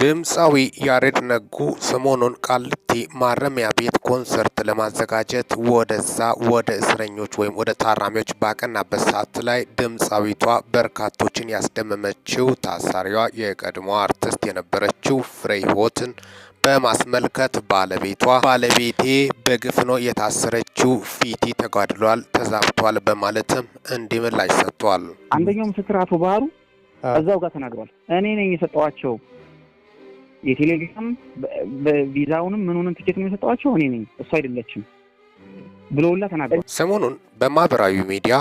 ድምፃዊ ያሬድ ነጉ ሰሞኑን ቃሊቲ ማረሚያ ቤት ኮንሰርት ለማዘጋጀት ወደዛ ወደ እስረኞች ወይም ወደ ታራሚዎች ባቀናበት ሰዓት ላይ ድምፃዊቷ በርካቶችን ያስደመመችው ታሳሪዋ የቀድሞ አርቲስት የነበረችው ፍሬ ህይወትን በማስመልከት ባለቤቷ ባለቤቴ በግፍ ነው የታሰረችው፣ ፊቲ ተጓድሏል፣ ተዛብቷል በማለትም እንዲህ ምላሽ ሰጥቷል። አንደኛው ምስክር አቶ ባህሩ እዛው ጋር ተናግሯል። እኔ ነኝ የሰጠዋቸው የቴሌግራም ቪዛውንም ምንሆንም ትኬት የሚሰጠዋቸው እኔ ነኝ፣ እሱ አይደለችም ብለውላ ተናገሩ። ሰሞኑን በማህበራዊ ሚዲያ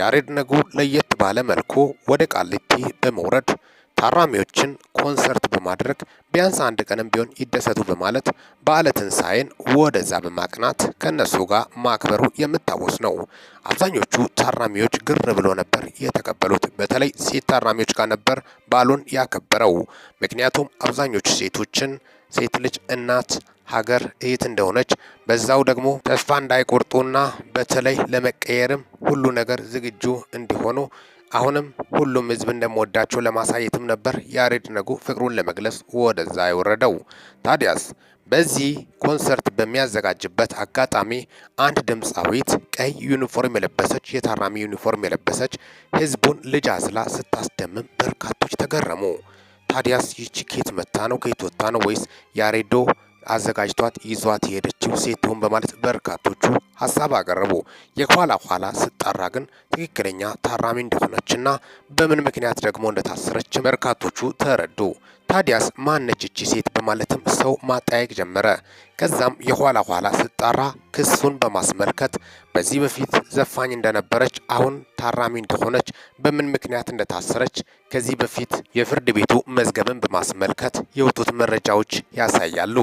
ያሬድ ነጉ ለየት ባለ መልኩ ወደ ቃሊቲ በመውረድ ታራሚዎችን ኮንሰርት በማድረግ ቢያንስ አንድ ቀንም ቢሆን ይደሰቱ በማለት በዓለ ትንሣኤን ወደዛ በማቅናት ከእነሱ ጋር ማክበሩ የሚታወስ ነው። አብዛኞቹ ታራሚዎች ግር ብሎ ነበር የተቀበሉት። በተለይ ሴት ታራሚዎች ጋር ነበር በዓሉን ያከበረው። ምክንያቱም አብዛኞቹ ሴቶችን ሴት ልጅ እናት ሀገር እህት እንደሆነች በዛው ደግሞ ተስፋ እንዳይቆርጡና በተለይ ለመቀየርም ሁሉ ነገር ዝግጁ እንዲሆኑ አሁንም ሁሉም ህዝብ እንደምወዳቸው ለማሳየትም ነበር ያሬድ ነጉ ፍቅሩን ለመግለጽ ወደዛ የወረደው። ታዲያስ በዚህ ኮንሰርት በሚያዘጋጅበት አጋጣሚ አንድ ድምፃዊት ቀይ ዩኒፎርም የለበሰች የታራሚ ዩኒፎርም የለበሰች ህዝቡን ልጅ አዝላ ስታስደምም በርካቶች ተገረሙ። ታዲያስ ይቺ ኬት መታ ነው ኬት ወታ ነው ወይስ ያሬዶ አዘጋጅቷት ይዟት የሄደችው ሴት ትሆን በማለት በርካቶቹ ሀሳብ አቀረቡ። የኋላ ኋላ ስጣራ ግን ትክክለኛ ታራሚ እንደሆነችና በምን ምክንያት ደግሞ እንደታሰረች በርካቶቹ ተረዱ። ታዲያስ ማነች እቺ ሴት በማለትም ሰው ማጠያየቅ ጀመረ። ከዛም የኋላ ኋላ ስጣራ ክሱን በማስመልከት በዚህ በፊት ዘፋኝ እንደነበረች፣ አሁን ታራሚ እንደሆነች፣ በምን ምክንያት እንደታሰረች ከዚህ በፊት የፍርድ ቤቱ መዝገብን በማስመልከት የወጡት መረጃዎች ያሳያሉ።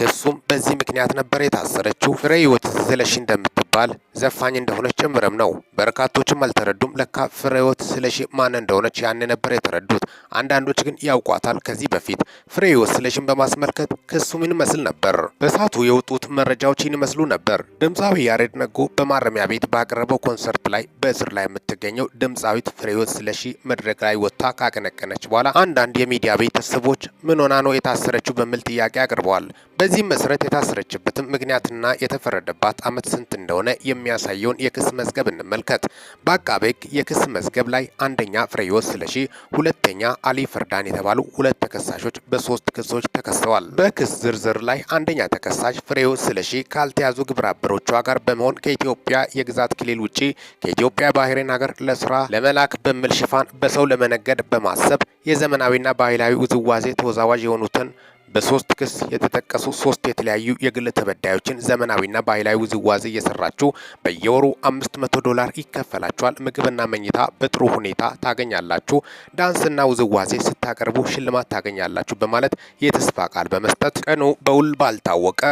ክሱም በዚህ ምክንያት ነበር የታሰረችው። ፍሬ ህይወት ስለሺ እንደምትባል ዘፋኝ እንደሆነች ጭምርም ነው። በርካቶችም አልተረዱም። ለካ ፍሬ ህይወት ስለሺ ማን እንደሆነች ያን ነበር የተረዱት። አንዳንዶች ግን ያውቋታል። ከዚህ በፊት ፍሬ ህይወት ስለሺን በማስመልከት ክሱ ምን ይመስል ነበር? በሳቱ የወጡት መረጃዎች ይመስሉ ነበር። ድምፃዊ ያሬድ ነጎ በማረሚያ ቤት ባቀረበው ኮንሰርት ላይ በእስር ላይ የምትገኘው ድምፃዊት ፍሬ ህይወት ስለሺ መድረክ ላይ ወጥታ ካቀነቀነች በኋላ አንዳንድ የሚዲያ ቤተሰቦች ምን ሆና ነው የታሰረችው በሚል ጥያቄ አቅርበዋል። በዚህም መሰረት የታሰረችበትም ምክንያትና የተፈረደባት ዓመት ስንት እንደሆነ የሚያሳየውን የክስ መዝገብ እንመልከት። በአቃቤ ሕግ የክስ መዝገብ ላይ አንደኛ ፍሬሕይወት ስለሺ፣ ሁለተኛ አሊ ፍርዳን የተባሉ ሁለት ተከሳሾች በሶስት ክሶች ተከሰዋል። በክስ ዝርዝር ላይ አንደኛ ተከሳሽ ፍሬሕይወት ስለሺ ካልተያዙ ግብረ አበሮቿ ጋር በመሆን ከኢትዮጵያ የግዛት ክልል ውጪ ከኢትዮጵያ ባህሬን ሀገር ለስራ ለመላክ በሚል ሽፋን በሰው ለመነገድ በማሰብ የዘመናዊና ባህላዊ ውዝዋዜ ተወዛዋዥ የሆኑትን በሶስት ክስ የተጠቀሱ ሶስት የተለያዩ የግል ተበዳዮችን ዘመናዊና ባህላዊ ውዝዋዜ እየሰራችሁ በየወሩ አምስት መቶ ዶላር ይከፈላችኋል፣ ምግብና መኝታ በጥሩ ሁኔታ ታገኛላችሁ፣ ዳንስና ውዝዋዜ ስታቀርቡ ሽልማት ታገኛላችሁ በማለት የተስፋ ቃል በመስጠት ቀኑ በውል ባልታወቀ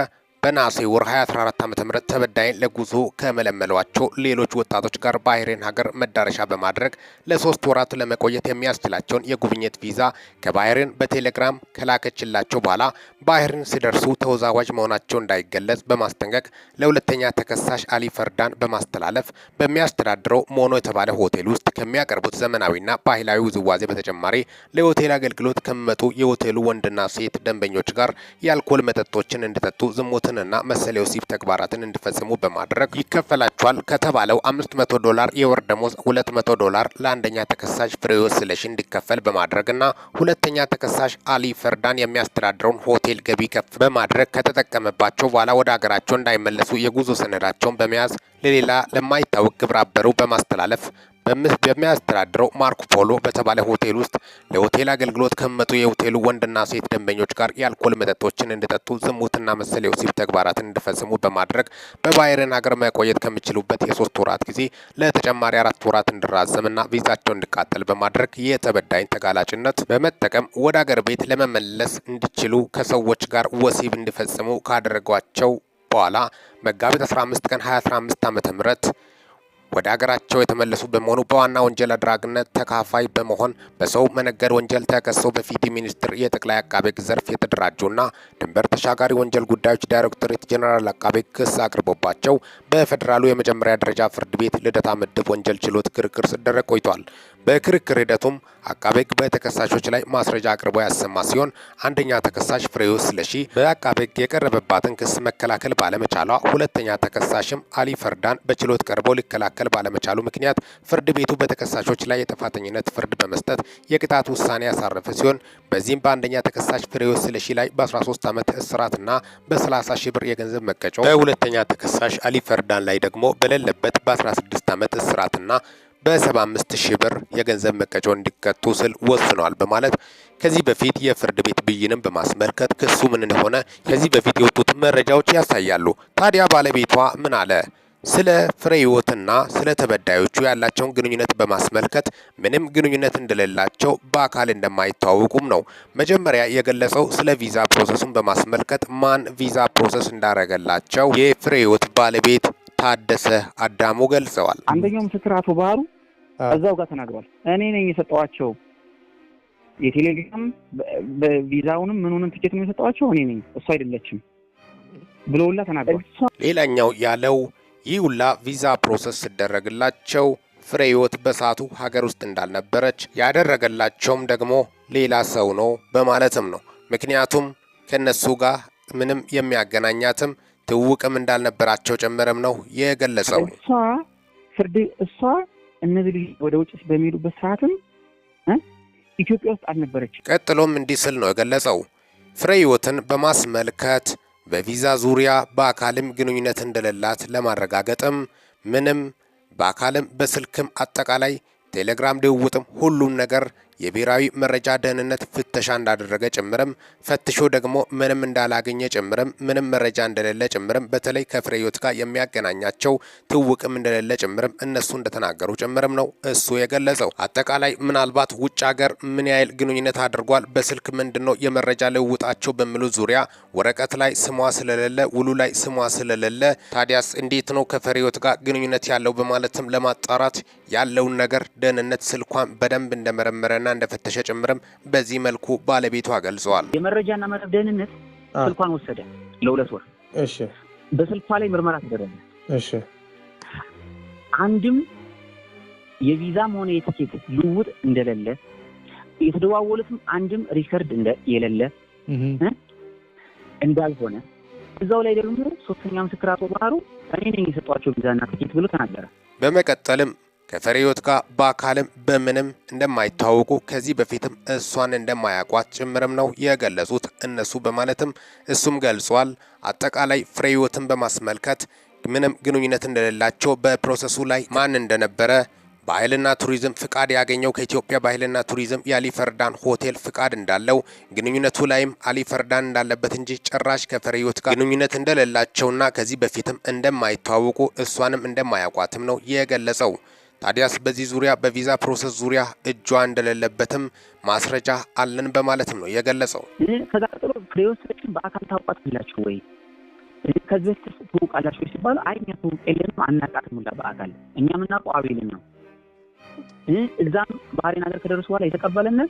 በነሐሴ ወር 2014 ም ተበዳይን ለጉዞ ከመለመሏቸው ሌሎች ወጣቶች ጋር ባህሬን ሀገር መዳረሻ በማድረግ ለሶስት ወራት ለመቆየት የሚያስችላቸውን የጉብኝት ቪዛ ከባህሬን በቴሌግራም ከላከችላቸው በኋላ ባህሬን ሲደርሱ ተወዛዋዥ መሆናቸው እንዳይገለጽ በማስጠንቀቅ ለሁለተኛ ተከሳሽ አሊ ፈርዳን በማስተላለፍ በሚያስተዳድረው ሞኖ የተባለ ሆቴል ውስጥ ከሚያቀርቡት ዘመናዊና ባህላዊ ውዝዋዜ በተጨማሪ ለሆቴል አገልግሎት ከሚመጡ የሆቴሉ ወንድና ሴት ደንበኞች ጋር የአልኮል መጠጦችን እንዲጠጡ ዝሙት ተግባራትንና መሰል የወሲብ ተግባራትን እንዲፈጽሙ በማድረግ ይከፈላቸዋል ከተባለው 500 ዶላር የወር ደሞዝ 200 ዶላር ለአንደኛ ተከሳሽ ፍሬሕይወት ስለሺ እንዲከፈል በማድረግና ሁለተኛ ተከሳሽ አሊ ፈርዳን የሚያስተዳድረውን ሆቴል ገቢ ከፍ በማድረግ ከተጠቀመባቸው በኋላ ወደ ሀገራቸው እንዳይመለሱ የጉዞ ሰነዳቸውን በመያዝ ለሌላ ለማይታወቅ ግብረ አበሩ በማስተላለፍ በሚያስተዳድረው ማርኮ ፖሎ በተባለ ሆቴል ውስጥ ለሆቴል አገልግሎት ከመጡ የሆቴሉ ወንድና ሴት ደንበኞች ጋር የአልኮል መጠጦችን እንዲጠጡ፣ ዝሙትና መሰል የወሲብ ተግባራትን እንዲፈጽሙ በማድረግ በባይረን ሀገር መቆየት ከሚችሉበት የሶስት ወራት ጊዜ ለተጨማሪ አራት ወራት እንዲራዘምና ቪዛቸው እንዲቃጠል በማድረግ የተበዳኝ ተጋላጭነት በመጠቀም ወደ አገር ቤት ለመመለስ እንዲችሉ ከሰዎች ጋር ወሲብ እንዲፈጽሙ ካደረጓቸው በኋላ መጋቢት 15 ቀን 2015 ም ወደ አገራቸው የተመለሱ በመሆኑ በዋና ወንጀል አድራጊነት ተካፋይ በመሆን በሰው መነገድ ወንጀል ተከሰው በፍትህ ሚኒስቴር የጠቅላይ አቃቤ ሕግ ዘርፍ የተደራጁና ድንበር ተሻጋሪ ወንጀል ጉዳዮች ዳይሬክቶሬት ጄኔራል አቃቤ ሕግ ክስ አቅርቦባቸው በፌዴራሉ የመጀመሪያ ደረጃ ፍርድ ቤት ልደታ ምድብ ወንጀል ችሎት ክርክር ሲደረግ ቆይቷል። በክርክር አቃቤ ሕግ በተከሳሾች ላይ ማስረጃ አቅርቦ ያሰማ ሲሆን አንደኛ ተከሳሽ ፍሬሕይወት ስለሺ በአቃቤ ሕግ የቀረበባትን ክስ መከላከል ባለመቻሏ፣ ሁለተኛ ተከሳሽም አሊ ፈርዳን በችሎት ቀርቦ ሊከላከል ባለመቻሉ ምክንያት ፍርድ ቤቱ በተከሳሾች ላይ የጥፋተኝነት ፍርድ በመስጠት የቅጣት ውሳኔ ያሳረፈ ሲሆን በዚህም በአንደኛ ተከሳሽ ፍሬሕይወት ስለሺ ላይ በ13 ዓመት እስራትና በ30 ሺህ ብር የገንዘብ መቀጮ፣ በሁለተኛ ተከሳሽ አሊ ፈርዳን ላይ ደግሞ በሌለበት በ16 ዓመት እስራትና በ75 ሺህ ብር የገንዘብ መቀጮ እንዲቀጡ ስል ወስኗል በማለት ከዚህ በፊት የፍርድ ቤት ብይንም በማስመልከት ክሱ ምን እንደሆነ ከዚህ በፊት የወጡት መረጃዎች ያሳያሉ። ታዲያ ባለቤቷ ምን አለ? ስለ ፍሬ ስለ ተበዳዮቹ ያላቸውን ግንኙነት በማስመልከት ምንም ግንኙነት እንደሌላቸው በአካል እንደማይተዋወቁም ነው መጀመሪያ የገለጸው። ስለ ቪዛ ፕሮሰሱን በማስመልከት ማን ቪዛ ፕሮሰስ እንዳረገላቸው የፍሬ ባለቤት ታደሰ አዳሙ ገልጸዋል። አንደኛው ምስክር አቶ ባህሩ እዛው ጋር ተናግሯል። እኔ ነኝ የሰጠዋቸው የቴሌግራም ቪዛውንም ምንሆንም ትኬት የሰጠዋቸው እኔ ነኝ፣ እሱ አይደለችም ብሎ ተናግሯል። ሌላኛው ያለው ይህ ሁላ ቪዛ ፕሮሰስ ስደረግላቸው ፍሬ ህይወት በሳቱ ሀገር ውስጥ እንዳልነበረች ያደረገላቸውም ደግሞ ሌላ ሰው ነው በማለትም ነው። ምክንያቱም ከእነሱ ጋር ምንም የሚያገናኛትም ትውቅም እንዳልነበራቸው ጭምርም ነው የገለጸው። እሷ ፍርድ እሷ እነዚህ ልጅ ወደ ውጭ በሚሄዱበት ሰዓትም ኢትዮጵያ ውስጥ አልነበረችም። ቀጥሎም እንዲህ ስል ነው የገለጸው። ፍሬ ህይወትን በማስመልከት በቪዛ ዙሪያ በአካልም ግንኙነት እንደሌላት ለማረጋገጥም ምንም በአካልም በስልክም አጠቃላይ ቴሌግራም ልውውጥም ሁሉም ነገር የብሔራዊ መረጃ ደህንነት ፍተሻ እንዳደረገ ጭምርም ፈትሾ ደግሞ ምንም እንዳላገኘ ጭምርም ምንም መረጃ እንደሌለ ጭምርም በተለይ ከፍሬ ህይወት ጋር የሚያገናኛቸው ትውቅም እንደሌለ ጭምርም እነሱ እንደተናገሩ ጭምርም ነው እሱ የገለጸው። አጠቃላይ ምናልባት ውጭ ሀገር ምን ያህል ግንኙነት አድርጓል፣ በስልክ ምንድን ነው የመረጃ ልውውጣቸው በሚሉ ዙሪያ ወረቀት ላይ ስሟ ስለሌለ ውሉ ላይ ስሟ ስለሌለ ታዲያስ እንዴት ነው ከፍሬ ህይወት ጋር ግንኙነት ያለው በማለትም ለማጣራት ያለውን ነገር ደህንነት ስልኳን በደንብ እንደመረመረ እንዳጣና እንደፈተሸ ጭምርም በዚህ መልኩ ባለቤቷ ገልጸዋል። የመረጃና መረብ ደህንነት ስልኳን ወሰደ ለሁለት ወር። እሺ በስልኳ ላይ ምርመራ ተደረገ። እሺ አንድም የቪዛም ሆነ የትኬት ልውውጥ እንደሌለ የተደዋወሉትም አንድም ሪከርድ የሌለ እንዳልሆነ እዛው ላይ ደግሞ ሶስተኛ ምስክር አቶ ባህሩ እኔ ነኝ የሰጧቸው ቪዛና ትኬት ብሎ ተናገረ። በመቀጠልም ከተሬዮት ጋር በአካልም በምንም እንደማይታወቁ ከዚህ በፊትም እሷን እንደማያውቋት ጭምርም ነው የገለጹት እነሱ በማለትም እሱም ገልጿል። አጠቃላይ ፍሬዮትን በማስመልከት ምንም ግንኙነት እንደሌላቸው በፕሮሰሱ ላይ ማን እንደነበረ ባህልና ቱሪዝም ፍቃድ ያገኘው ከኢትዮጵያ ባህልና ቱሪዝም የአሊ ፈርዳን ሆቴል ፍቃድ እንዳለው ግንኙነቱ ላይም አሊ ፈርዳን እንዳለበት እንጂ ጭራሽ ከፍሬህይወት ጋር ግንኙነት እንደሌላቸውና ከዚህ በፊትም እንደማይተዋወቁ እሷንም እንደማያውቋትም ነው የገለጸው። ታዲያስ በዚህ ዙሪያ በቪዛ ፕሮሰስ ዙሪያ እጇ እንደሌለበትም ማስረጃ አለን በማለትም ነው የገለጸው። ተጠርጥሮ ፍሬዎችን በአካል ታውቋታላችሁ ወይ ከዚህ በፊት ትውቃላችሁ ወይ ሲባሉ አይ እኛ ትውቅ የለንም አናቃትም ሁላ በአካል እኛ የምናውቀው አቤልን ነው። እዛም ባህሬን ሀገር ከደረሱ በኋላ የተቀበለን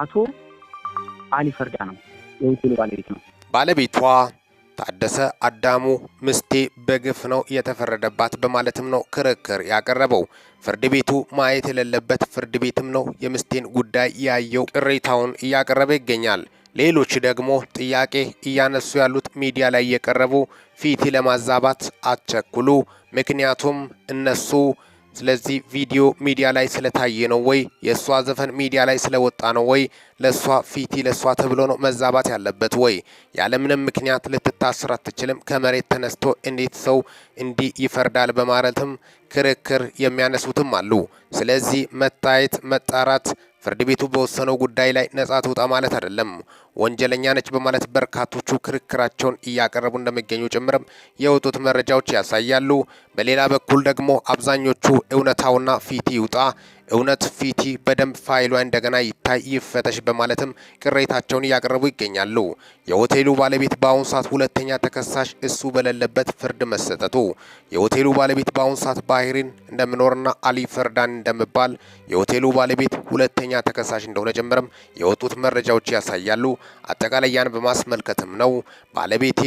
አቶ አሊ ፈርዳ ነው፣ የሆቴሉ ባለቤት ነው። ባለቤቷ ታደሰ አዳሙ ምስቴ በግፍ ነው የተፈረደባት በማለትም ነው ክርክር ያቀረበው። ፍርድ ቤቱ ማየት የሌለበት ፍርድ ቤትም ነው የምስቴን ጉዳይ ያየው ቅሬታውን እያቀረበ ይገኛል። ሌሎች ደግሞ ጥያቄ እያነሱ ያሉት ሚዲያ ላይ የቀረቡ ፊቲ ለማዛባት አትቸኩሉ፣ ምክንያቱም እነሱ ስለዚህ ቪዲዮ ሚዲያ ላይ ስለታየ ነው ወይ? የእሷ ዘፈን ሚዲያ ላይ ስለወጣ ነው ወይ? ለእሷ ፊቲ ለእሷ ተብሎ ነው መዛባት ያለበት ወይ? ያለምንም ምክንያት ልትታስር አትችልም። ከመሬት ተነስቶ እንዴት ሰው እንዲህ ይፈርዳል? በማለትም ክርክር የሚያነሱትም አሉ። ስለዚህ መታየት፣ መጣራት ፍርድ ቤቱ በወሰነው ጉዳይ ላይ ነጻ ትውጣ ማለት አይደለም፣ ወንጀለኛ ነች በማለት በርካቶቹ ክርክራቸውን እያቀረቡ እንደሚገኙ ጭምርም የወጡት መረጃዎች ያሳያሉ። በሌላ በኩል ደግሞ አብዛኞቹ እውነታውና ፊት ይውጣ እውነት ፊቲ በደንብ ፋይሏ እንደገና ይታይ ይፈተሽ በማለትም ቅሬታቸውን እያቀረቡ ይገኛሉ። የሆቴሉ ባለቤት በአሁኑ ሰዓት ሁለተኛ ተከሳሽ እሱ በሌለበት ፍርድ መሰጠቱ የሆቴሉ ባለቤት በአሁኑ ሰዓት ባህሪን እንደምኖርና አሊ ፈርዳን እንደምባል የሆቴሉ ባለቤት ሁለተኛ ተከሳሽ እንደሆነ ጀምረም የወጡት መረጃዎች ያሳያሉ። አጠቃላይ ያን በማስመልከትም ነው ባለቤቴ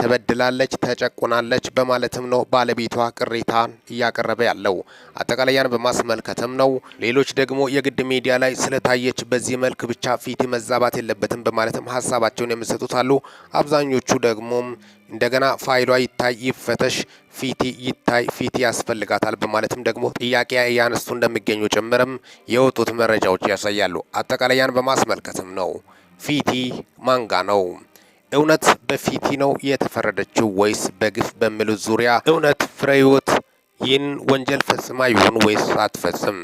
ተበድላለች፣ ተጨቁናለች በማለትም ነው ባለቤቷ ቅሬታን እያቀረበ ያለው። አጠቃላያን በማስመልከትም ነው ሌሎች ደግሞ የግድ ሚዲያ ላይ ስለታየች በዚህ መልክ ብቻ ፊት መዛባት የለበትም በማለትም ሀሳባቸውን የሚሰጡት አሉ። አብዛኞቹ ደግሞ እንደገና ፋይሏ ይታይ፣ ይፈተሽ፣ ፊቲ ይታይ፣ ፊቲ ያስፈልጋታል በማለትም ደግሞ ጥያቄ እያነሱ እንደሚገኙ ጭምርም የወጡት መረጃዎች ያሳያሉ። አጠቃላይ በማስመልከትም ነው ፊቲ ማንጋ ነው እውነት በፊቲ ነው የተፈረደችው ወይስ በግፍ በሚሉት ዙሪያ እውነት ፍሬ ህይወት ይህን ወንጀል ፈጽማ ይሁን ወይስ አትፈጽም?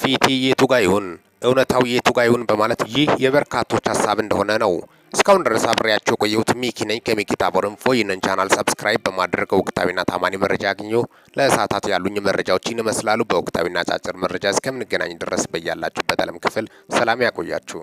ፊቲ የቱጋ ይሁን እውነታው የቱ ይሁን በማለት ይህ የበርካቶች ሀሳብ እንደሆነ ነው። እስካሁን ድረስ አብሬያቸው የቆየሁት ሚኪ ነኝ ከሚኪታ ቦርንፎ። ይህንን ቻናል ሰብስክራይብ በማድረግ ወቅታዊና ታማኒ መረጃ ያግኙ። ለእሳታት ያሉኝ መረጃዎች ይመስላሉ። በወቅታዊና አጫጭር መረጃ እስከምንገናኝ ድረስ በያላችሁበት ዓለም ክፍል ሰላም ያቆያችሁ።